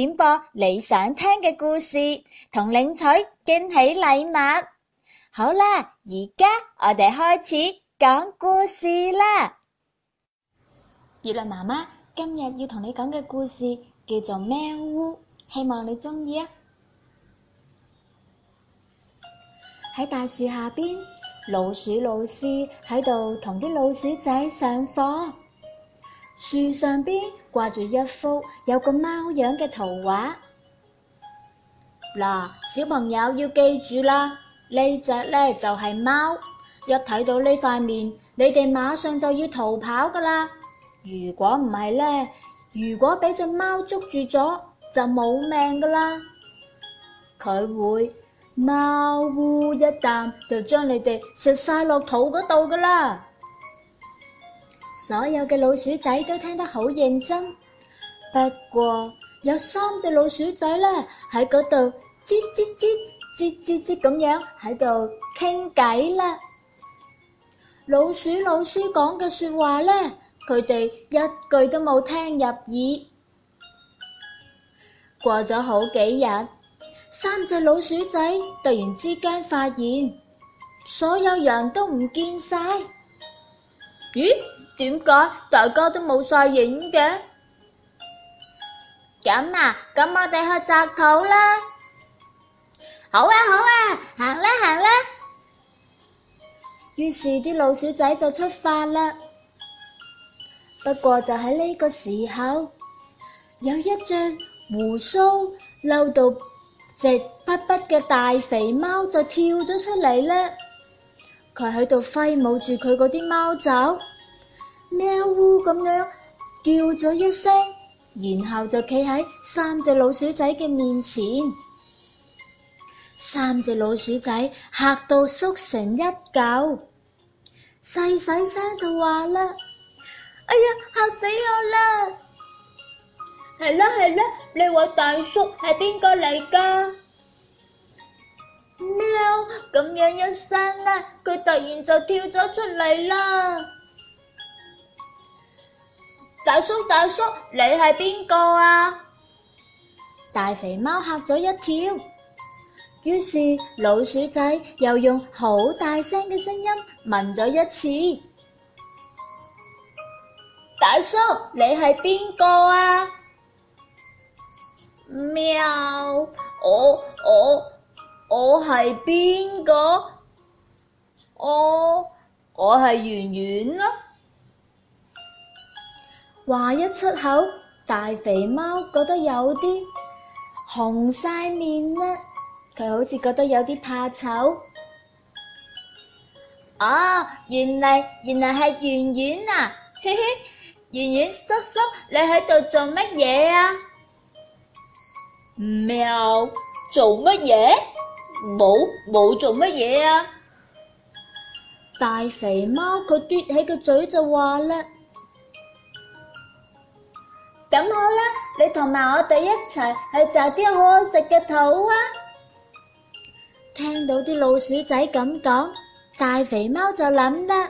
點播你想聽嘅故事，同領取驚喜禮物。好啦，而家我哋開始講故事啦。月亮媽媽今日要同你講嘅故事叫做《喵嗚》，希望你鍾意啊！喺大樹下邊，老鼠老師喺度同啲老鼠仔上課。樹上邊掛住一幅有個貓樣嘅圖畫，嗱，小朋友要記住啦，呢隻呢就係貓，一睇到呢塊面，你哋馬上就要逃跑噶啦。如果唔係呢，如果俾隻貓捉住咗，就冇命噶啦，佢會貓嗚一啖就將你哋食晒落肚嗰度噶啦。所有嘅老鼠仔都聽得好認真，不過有三隻老鼠仔咧喺嗰度吱吱吱吱吱吱咁樣喺度傾偈啦。老鼠老鼠講嘅說話咧，佢哋一句都冇聽入耳。過咗好幾日，三隻老鼠仔突然之間發現，所有人都唔見晒。咦？點解大家都冇晒影嘅？咁啊，咁我哋去摘桃啦！好啊，好啊，行啦，行啦！於是啲老鼠仔就出發啦。不過就喺呢個時候，有一隻鬍鬚嬲到直筆筆嘅大肥貓就跳咗出嚟啦。佢喺度揮舞住佢嗰啲貓爪。喵嗚咁樣叫咗一聲，然後就企喺三隻老鼠仔嘅面前，三隻老鼠仔嚇到縮成一嚿，細細聲就話啦：哎呀，嚇死我啦！係啦係啦，你話大叔係邊個嚟噶？喵咁樣一聲呀，佢突然就跳咗出嚟啦。大叔，大叔，你係邊個啊？大肥貓嚇咗一跳，於是老鼠仔又用好大聲嘅聲音問咗一次：大叔，你係邊個啊？喵，我我我係邊個？我我係圓圓咯。話一出口，大肥貓覺得有啲紅晒面呢。佢好似覺得有啲怕醜。哦，來來圓圓啊。原嚟原嚟係圓圓啊，嘻嘻，圓圓叔叔你喺度做乜嘢啊？喵，做乜嘢？冇冇做乜嘢啊。大肥貓佢嘟起個嘴就話啦。咁好啦，你同埋我哋一齊去摘啲好好食嘅土啊！聽到啲老鼠仔咁講，大肥貓就諗啦，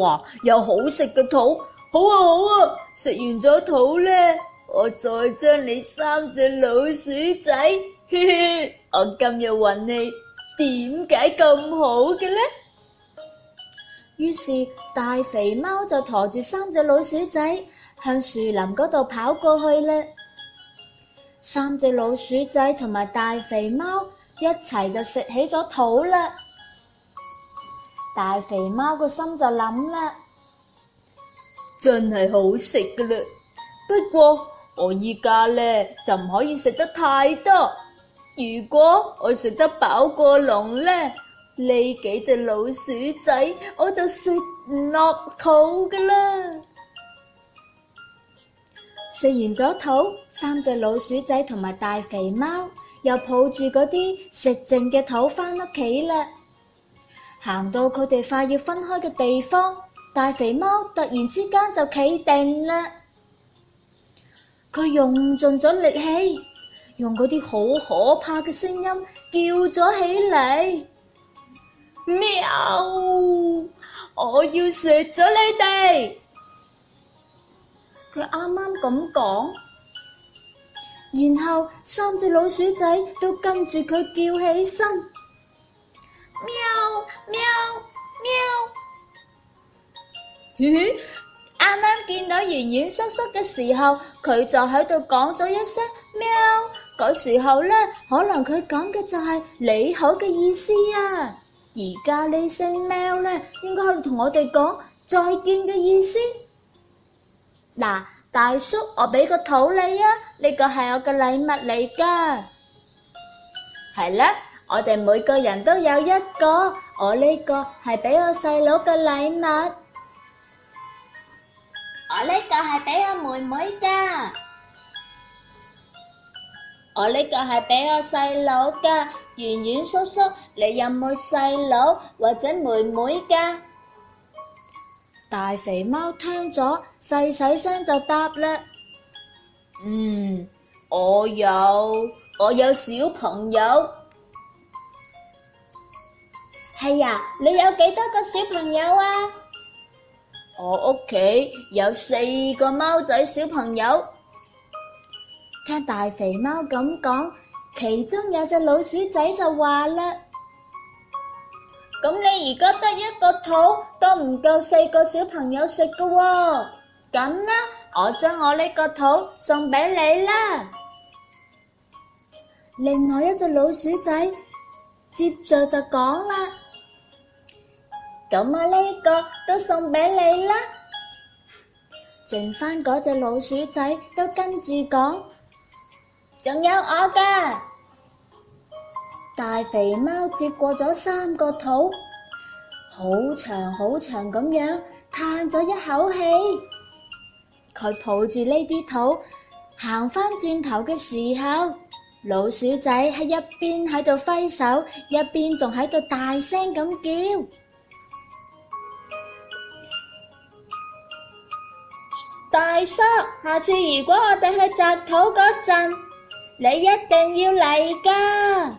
哇，有好食嘅土，好啊好啊！食完咗土咧，我再將你三隻老鼠仔，嘻嘻，我今日運氣點解咁好嘅咧？於是大肥貓就馱住三隻老鼠仔。向樹林嗰度跑過去啦，三隻老鼠仔同埋大肥貓一齊就食起咗肚啦。大肥貓個心就諗啦，真係好食嘅嘞。不過我依家咧就唔可以食得太多，如果我食得飽過龍咧，呢幾隻老鼠仔我就食唔落肚嘅啦。食完咗肚，三隻老鼠仔同埋大肥貓又抱住嗰啲食剩嘅肚返屋企啦。行到佢哋快要分開嘅地方，大肥貓突然之間就企定啦。佢用盡咗力氣，用嗰啲好可怕嘅聲音叫咗起嚟：喵！我要食咗你哋！佢啱啱咁講，然後三隻老鼠仔都跟住佢叫起身，喵喵喵。嘻嘻，啱啱見到圓圓叔叔嘅時候，佢就喺度講咗一聲喵。嗰時候呢，可能佢講嘅就係你好嘅意思啊。而家呢聲喵呢，應該喺度同我哋講再見嘅意思。嗱，大叔，我俾個圖你啊，呢個係我嘅禮物嚟噶。係啦，我哋每個人都有一個，我呢個係俾我細佬嘅禮物，我呢個係俾我妹妹噶，我呢個係俾我細佬噶，圓圓叔叔，你有冇細佬或者妹妹噶？大肥貓聽咗細細聲就答啦：嗯，我有我有小朋友。係呀，你有幾多個小朋友啊？我屋企有四個貓仔小朋友。聽大肥貓咁講，其中有隻老鼠仔就話啦。咁你而家得一個肚都唔夠四個小朋友食噶。哦，咁啦，我將我呢個肚送俾你啦。另外一隻老鼠仔接着就講啦，咁啊呢個都送俾你啦。剩翻嗰隻老鼠仔都跟住講，仲有我噶。大肥貓接過咗三個肚，好長好長咁樣嘆咗一口氣。佢抱住呢啲肚，行翻轉頭嘅時候，老鼠仔喺一邊喺度揮手，一邊仲喺度大聲咁叫： 大叔，下次如果我哋去摘土嗰陣，你一定要嚟噶！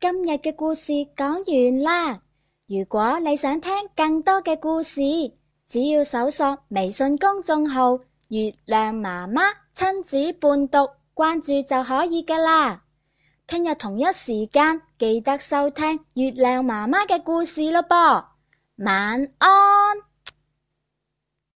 今日嘅故事講完啦，如果你想聽更多嘅故事，只要搜索微信公眾號月亮媽媽親子伴讀，關注就可以㗎喇。聽日同一時間記得收聽月亮媽媽嘅故事咯噃，晚安。